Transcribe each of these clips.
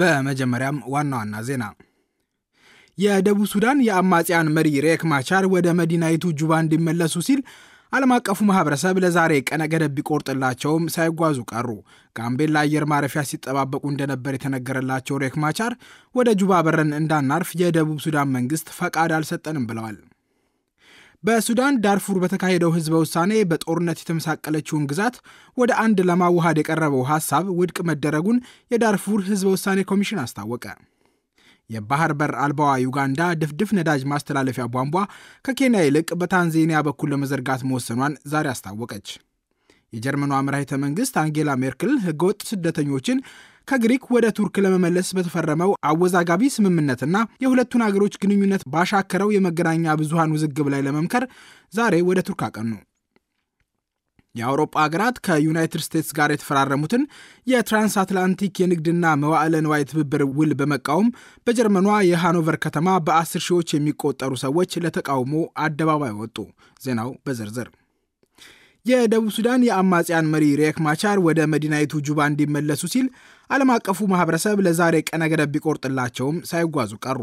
በመጀመሪያም ዋና ዋና ዜና የደቡብ ሱዳን የአማጽያን መሪ ሬክ ማቻር ወደ መዲናይቱ ጁባ እንዲመለሱ ሲል ዓለም አቀፉ ማህበረሰብ ለዛሬ ቀነ ገደብ ቢቆርጥላቸውም ሳይጓዙ ቀሩ። ጋምቤላ አየር ማረፊያ ሲጠባበቁ እንደነበር የተነገረላቸው ሬክ ማቻር ወደ ጁባ በረን እንዳናርፍ የደቡብ ሱዳን መንግስት ፈቃድ አልሰጠንም ብለዋል። በሱዳን ዳርፉር በተካሄደው ህዝበ ውሳኔ በጦርነት የተመሳቀለችውን ግዛት ወደ አንድ ለማዋሃድ የቀረበው ሐሳብ ውድቅ መደረጉን የዳርፉር ህዝበ ውሳኔ ኮሚሽን አስታወቀ። የባህር በር አልባዋ ዩጋንዳ ድፍድፍ ነዳጅ ማስተላለፊያ ቧንቧ ከኬንያ ይልቅ በታንዜኒያ በኩል ለመዘርጋት መወሰኗን ዛሬ አስታወቀች። የጀርመኗ መራሒተ መንግሥት አንጌላ ሜርክል ህገወጥ ስደተኞችን ከግሪክ ወደ ቱርክ ለመመለስ በተፈረመው አወዛጋቢ ስምምነትና የሁለቱን አገሮች ግንኙነት ባሻከረው የመገናኛ ብዙሃን ውዝግብ ላይ ለመምከር ዛሬ ወደ ቱርክ አቀኑ። የአውሮፓ ሀገራት ከዩናይትድ ስቴትስ ጋር የተፈራረሙትን የትራንስ አትላንቲክ የንግድና መዋዕለ ንዋይ ትብብር ውል በመቃወም በጀርመኗ የሃኖቨር ከተማ በአስር ሺዎች የሚቆጠሩ ሰዎች ለተቃውሞ አደባባይ ወጡ። ዜናው በዝርዝር የደቡብ ሱዳን የአማጽያን መሪ ሪክ ማቻር ወደ መዲናይቱ ጁባ እንዲመለሱ ሲል ዓለም አቀፉ ማህበረሰብ ለዛሬ ቀነ ገደብ ቢቆርጥላቸውም ሳይጓዙ ቀሩ።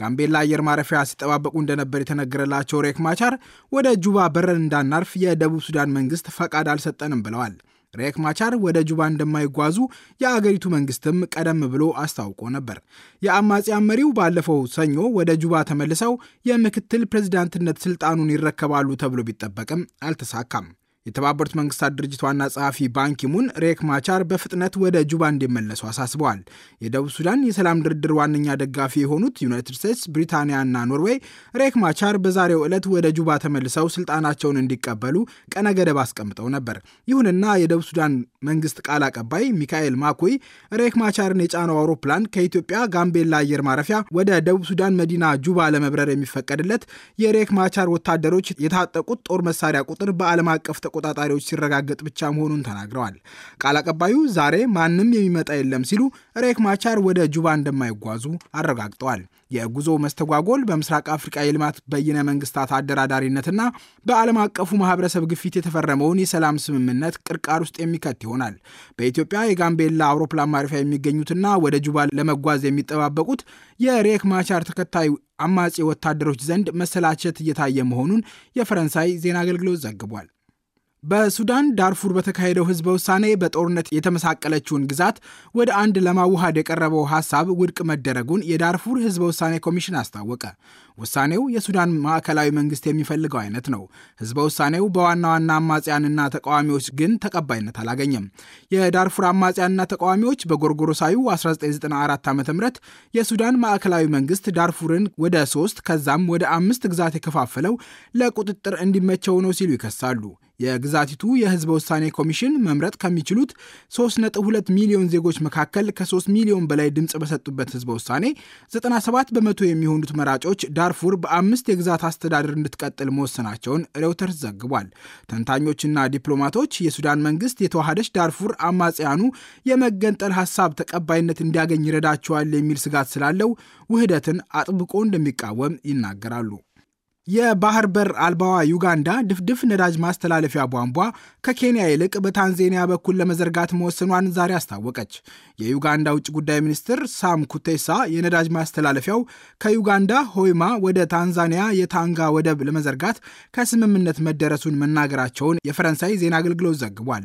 ጋምቤላ አየር ማረፊያ ሲጠባበቁ እንደነበር የተነገረላቸው ሬክ ማቻር ወደ ጁባ በረን እንዳናርፍ የደቡብ ሱዳን መንግስት ፈቃድ አልሰጠንም ብለዋል። ሬክ ማቻር ወደ ጁባ እንደማይጓዙ የአገሪቱ መንግስትም ቀደም ብሎ አስታውቆ ነበር። የአማጽያን መሪው ባለፈው ሰኞ ወደ ጁባ ተመልሰው የምክትል ፕሬዚዳንትነት ስልጣኑን ይረከባሉ ተብሎ ቢጠበቅም አልተሳካም። የተባበሩት መንግስታት ድርጅት ዋና ጸሐፊ ባንኪሙን ሬክ ማቻር በፍጥነት ወደ ጁባ እንዲመለሱ አሳስበዋል። የደቡብ ሱዳን የሰላም ድርድር ዋነኛ ደጋፊ የሆኑት ዩናይትድ ስቴትስ፣ ብሪታንያና ኖርዌይ ሬክ ማቻር በዛሬው ዕለት ወደ ጁባ ተመልሰው ስልጣናቸውን እንዲቀበሉ ቀነ ገደብ አስቀምጠው ነበር። ይሁንና የደቡብ ሱዳን መንግስት ቃል አቀባይ ሚካኤል ማኩይ ሬክ ማቻርን የጫነው አውሮፕላን ከኢትዮጵያ ጋምቤላ አየር ማረፊያ ወደ ደቡብ ሱዳን መዲና ጁባ ለመብረር የሚፈቀድለት የሬክ ማቻር ወታደሮች የታጠቁት ጦር መሳሪያ ቁጥር በዓለም አቀፍ ተቆጣጣሪዎች ሲረጋገጥ ብቻ መሆኑን ተናግረዋል። ቃል አቀባዩ ዛሬ ማንም የሚመጣ የለም ሲሉ ሬክ ማቻር ወደ ጁባ እንደማይጓዙ አረጋግጠዋል። የጉዞ መስተጓጎል በምስራቅ አፍሪቃ የልማት በይነ መንግስታት አደራዳሪነትና በዓለም አቀፉ ማህበረሰብ ግፊት የተፈረመውን የሰላም ስምምነት ቅርቃር ውስጥ የሚከት ይሆናል። በኢትዮጵያ የጋምቤላ አውሮፕላን ማረፊያ የሚገኙትና ወደ ጁባ ለመጓዝ የሚጠባበቁት የሬክ ማቻር ተከታዩ አማጺ ወታደሮች ዘንድ መሰላቸት እየታየ መሆኑን የፈረንሳይ ዜና አገልግሎት ዘግቧል። በሱዳን ዳርፉር በተካሄደው ህዝበ ውሳኔ በጦርነት የተመሳቀለችውን ግዛት ወደ አንድ ለማዋሃድ የቀረበው ሀሳብ ውድቅ መደረጉን የዳርፉር ህዝበ ውሳኔ ኮሚሽን አስታወቀ። ውሳኔው የሱዳን ማዕከላዊ መንግስት የሚፈልገው አይነት ነው። ህዝበ ውሳኔው በዋና ዋና አማጽያንና ተቃዋሚዎች ግን ተቀባይነት አላገኘም። የዳርፉር አማጽያንና ተቃዋሚዎች በጎርጎሮሳዩ 1994 ዓ ም የሱዳን ማዕከላዊ መንግስት ዳርፉርን ወደ ሶስት ከዛም ወደ አምስት ግዛት የከፋፈለው ለቁጥጥር እንዲመቸው ነው ሲሉ ይከሳሉ። የግዛቲቱ የህዝበ ውሳኔ ኮሚሽን መምረጥ ከሚችሉት 3.2 ሚሊዮን ዜጎች መካከል ከ3 ሚሊዮን በላይ ድምፅ በሰጡበት ህዝበ ውሳኔ 97 በመቶ የሚሆኑት መራጮች ዳርፉር በአምስት የግዛት አስተዳደር እንድትቀጥል መወሰናቸውን ሬውተርስ ዘግቧል። ተንታኞችና ዲፕሎማቶች የሱዳን መንግስት የተዋሃደች ዳርፉር አማጽያኑ የመገንጠል ሀሳብ ተቀባይነት እንዲያገኝ ይረዳቸዋል የሚል ስጋት ስላለው ውህደትን አጥብቆ እንደሚቃወም ይናገራሉ። የባህር በር አልባዋ ዩጋንዳ ድፍድፍ ነዳጅ ማስተላለፊያ ቧንቧ ከኬንያ ይልቅ በታንዜኒያ በኩል ለመዘርጋት መወሰኗን ዛሬ አስታወቀች። የዩጋንዳ ውጭ ጉዳይ ሚኒስትር ሳም ኩቴሳ የነዳጅ ማስተላለፊያው ከዩጋንዳ ሆይማ ወደ ታንዛኒያ የታንጋ ወደብ ለመዘርጋት ከስምምነት መደረሱን መናገራቸውን የፈረንሳይ ዜና አገልግሎት ዘግቧል።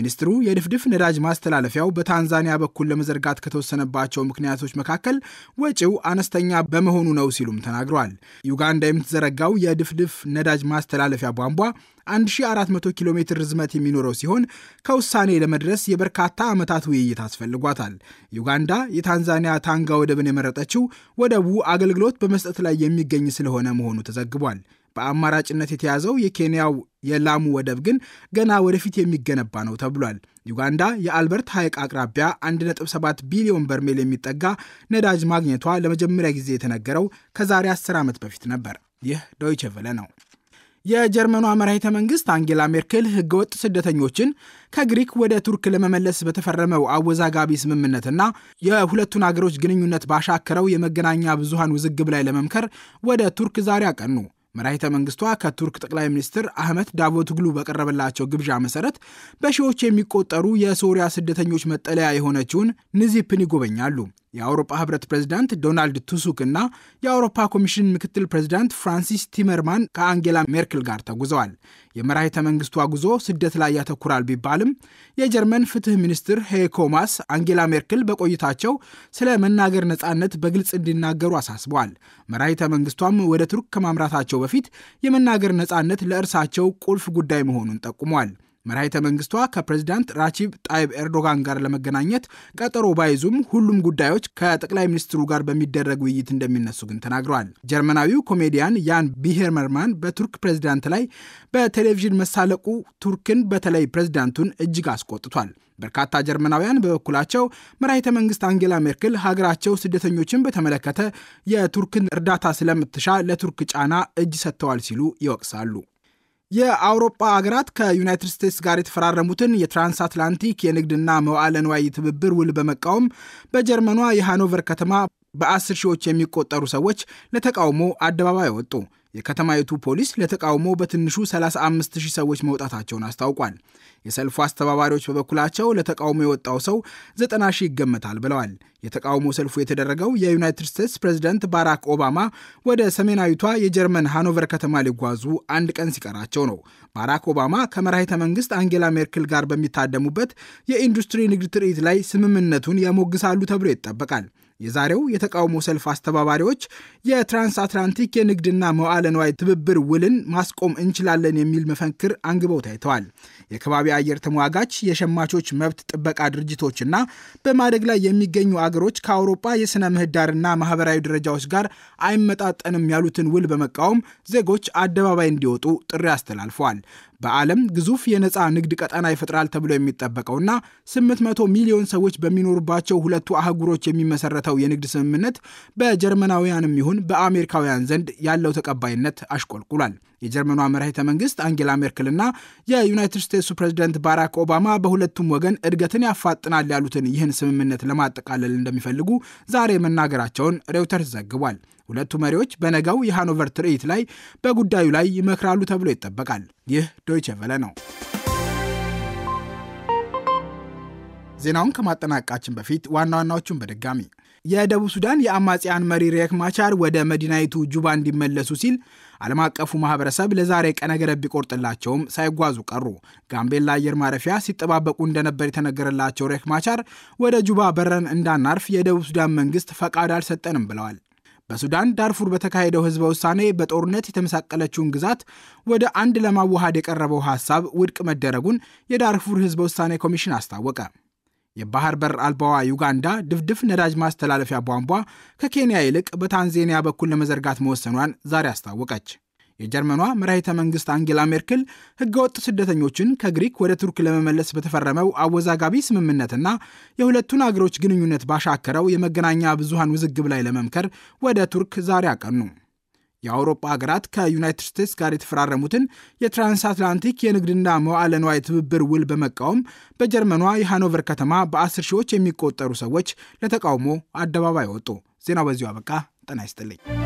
ሚኒስትሩ የድፍድፍ ነዳጅ ማስተላለፊያው በታንዛኒያ በኩል ለመዘርጋት ከተወሰነባቸው ምክንያቶች መካከል ወጪው አነስተኛ በመሆኑ ነው ሲሉም ተናግሯል። ዩጋንዳ የምትዘረጋ የተሰራው የድፍድፍ ነዳጅ ማስተላለፊያ ቧንቧ 1400 ኪሎ ሜትር ርዝመት የሚኖረው ሲሆን ከውሳኔ ለመድረስ የበርካታ ዓመታት ውይይት አስፈልጓታል። ዩጋንዳ የታንዛኒያ ታንጋ ወደብን የመረጠችው ወደቡ አገልግሎት በመስጠት ላይ የሚገኝ ስለሆነ መሆኑ ተዘግቧል። በአማራጭነት የተያዘው የኬንያው የላሙ ወደብ ግን ገና ወደፊት የሚገነባ ነው ተብሏል። ዩጋንዳ የአልበርት ሐይቅ አቅራቢያ 1.7 ቢሊዮን በርሜል የሚጠጋ ነዳጅ ማግኘቷ ለመጀመሪያ ጊዜ የተነገረው ከዛሬ 10 ዓመት በፊት ነበር። ይህ ዶይቸ ቨለ ነው። የጀርመኗ መራሄተ መንግስት አንጌላ ሜርክል ህገወጥ ስደተኞችን ከግሪክ ወደ ቱርክ ለመመለስ በተፈረመው አወዛጋቢ ስምምነትና የሁለቱን አገሮች ግንኙነት ባሻከረው የመገናኛ ብዙሃን ውዝግብ ላይ ለመምከር ወደ ቱርክ ዛሬ አቀኑ። መራሂተ መንግስቷ ከቱርክ ጠቅላይ ሚኒስትር አህመት ዳቮትግሉ በቀረበላቸው ግብዣ መሰረት በሺዎች የሚቆጠሩ የሶሪያ ስደተኞች መጠለያ የሆነችውን ንዚፕን ይጎበኛሉ። የአውሮፓ ህብረት ፕሬዚዳንት ዶናልድ ቱስክ እና የአውሮፓ ኮሚሽን ምክትል ፕሬዚዳንት ፍራንሲስ ቲመርማን ከአንጌላ ሜርክል ጋር ተጉዘዋል። የመራሄተ መንግስቷ ጉዞ ስደት ላይ ያተኩራል ቢባልም የጀርመን ፍትህ ሚኒስትር ሄይኮ ማስ አንጌላ ሜርክል በቆይታቸው ስለ መናገር ነፃነት በግልጽ እንዲናገሩ አሳስበዋል። መራይተ መንግስቷም ወደ ቱርክ ከማምራታቸው በፊት የመናገር ነፃነት ለእርሳቸው ቁልፍ ጉዳይ መሆኑን ጠቁሟል። መራይተ መንግስቷ ከፕሬዚዳንት ራቺብ ጣይብ ኤርዶጋን ጋር ለመገናኘት ቀጠሮ ባይዙም ሁሉም ጉዳዮች ከጠቅላይ ሚኒስትሩ ጋር በሚደረግ ውይይት እንደሚነሱ ግን ተናግረዋል። ጀርመናዊው ኮሜዲያን ያን ቢሄርመርማን በቱርክ ፕሬዚዳንት ላይ በቴሌቪዥን መሳለቁ ቱርክን በተለይ ፕሬዚዳንቱን እጅግ አስቆጥቷል። በርካታ ጀርመናውያን በበኩላቸው መራይተ መንግስት አንጌላ ሜርክል ሀገራቸው ስደተኞችን በተመለከተ የቱርክን እርዳታ ስለምትሻ ለቱርክ ጫና እጅ ሰጥተዋል ሲሉ ይወቅሳሉ። የአውሮፓ ሀገራት ከዩናይትድ ስቴትስ ጋር የተፈራረሙትን የትራንስ አትላንቲክ የንግድና መዋዕለ ንዋይ ትብብር ውል በመቃወም በጀርመኗ የሃኖቨር ከተማ በአስር ሺዎች የሚቆጠሩ ሰዎች ለተቃውሞ አደባባይ ወጡ። የከተማይቱ ፖሊስ ለተቃውሞ በትንሹ 35 ሰዎች መውጣታቸውን አስታውቋል። የሰልፉ አስተባባሪዎች በበኩላቸው ለተቃውሞ የወጣው ሰው 90 ሺህ ይገመታል ብለዋል። የተቃውሞ ሰልፉ የተደረገው የዩናይትድ ስቴትስ ፕሬዚደንት ባራክ ኦባማ ወደ ሰሜናዊቷ የጀርመን ሃኖቨር ከተማ ሊጓዙ አንድ ቀን ሲቀራቸው ነው። ባራክ ኦባማ ከመራሂተ መንግስት አንጌላ ሜርክል ጋር በሚታደሙበት የኢንዱስትሪ ንግድ ትርኢት ላይ ስምምነቱን ያሞግሳሉ ተብሎ ይጠበቃል። የዛሬው የተቃውሞ ሰልፍ አስተባባሪዎች የትራንስአትላንቲክ የንግድና መዋዕለ ንዋይ ትብብር ውልን ማስቆም እንችላለን የሚል መፈክር አንግበው ታይተዋል። የከባቢ አየር ተሟጋች የሸማቾች መብት ጥበቃ ድርጅቶችና በማደግ ላይ የሚገኙ አገሮች ከአውሮፓ የሥነ ምህዳርና ማህበራዊ ደረጃዎች ጋር አይመጣጠንም ያሉትን ውል በመቃወም ዜጎች አደባባይ እንዲወጡ ጥሪ አስተላልፈዋል። በዓለም ግዙፍ የነፃ ንግድ ቀጠና ይፈጥራል ተብሎ የሚጠበቀውና 800 ሚሊዮን ሰዎች በሚኖሩባቸው ሁለቱ አህጉሮች የሚመሰረተው የንግድ ስምምነት በጀርመናውያንም ይሁን በአሜሪካውያን ዘንድ ያለው ተቀባይነት አሽቆልቁሏል። የጀርመኗ መራሄተ መንግስት አንጌላ ሜርክልና የዩናይትድ ስቴትሱ ፕሬዚደንት ባራክ ኦባማ በሁለቱም ወገን እድገትን ያፋጥናል ያሉትን ይህን ስምምነት ለማጠቃለል እንደሚፈልጉ ዛሬ መናገራቸውን ሬውተርስ ዘግቧል። ሁለቱ መሪዎች በነገው የሃኖቨር ትርኢት ላይ በጉዳዩ ላይ ይመክራሉ ተብሎ ይጠበቃል። ይህ ዶይቼ ቬለ ነው። ዜናውን ከማጠናቀቃችን በፊት ዋና ዋናዎቹን በድጋሚ የደቡብ ሱዳን የአማጽያን መሪ ሬክ ማቻር ወደ መዲናይቱ ጁባ እንዲመለሱ ሲል ዓለም አቀፉ ማህበረሰብ ለዛሬ ቀነ ገደብ ቢቆርጥላቸውም ሳይጓዙ ቀሩ። ጋምቤላ አየር ማረፊያ ሲጠባበቁ እንደነበር የተነገረላቸው ሬክ ማቻር ወደ ጁባ በረን እንዳናርፍ የደቡብ ሱዳን መንግስት ፈቃድ አልሰጠንም ብለዋል። በሱዳን ዳርፉር በተካሄደው ህዝበ ውሳኔ በጦርነት የተመሳቀለችውን ግዛት ወደ አንድ ለማዋሃድ የቀረበው ሀሳብ ውድቅ መደረጉን የዳርፉር ህዝበ ውሳኔ ኮሚሽን አስታወቀ። የባህር በር አልባዋ ዩጋንዳ ድፍድፍ ነዳጅ ማስተላለፊያ ቧንቧ ከኬንያ ይልቅ በታንዜኒያ በኩል ለመዘርጋት መወሰኗን ዛሬ አስታወቀች። የጀርመኗ መራሄተ መንግስት አንጌላ ሜርክል ህገወጥ ስደተኞችን ከግሪክ ወደ ቱርክ ለመመለስ በተፈረመው አወዛጋቢ ስምምነትና የሁለቱን አገሮች ግንኙነት ባሻከረው የመገናኛ ብዙሃን ውዝግብ ላይ ለመምከር ወደ ቱርክ ዛሬ አቀኑ። የአውሮፓ ሀገራት ከዩናይትድ ስቴትስ ጋር የተፈራረሙትን የትራንስአትላንቲክ የንግድና መዋዕለ ንዋይ ትብብር ውል በመቃወም በጀርመኗ የሃኖቨር ከተማ በአስር ሺዎች የሚቆጠሩ ሰዎች ለተቃውሞ አደባባይ ወጡ። ዜናው በዚሁ አበቃ። ጤና ይስጥልኝ።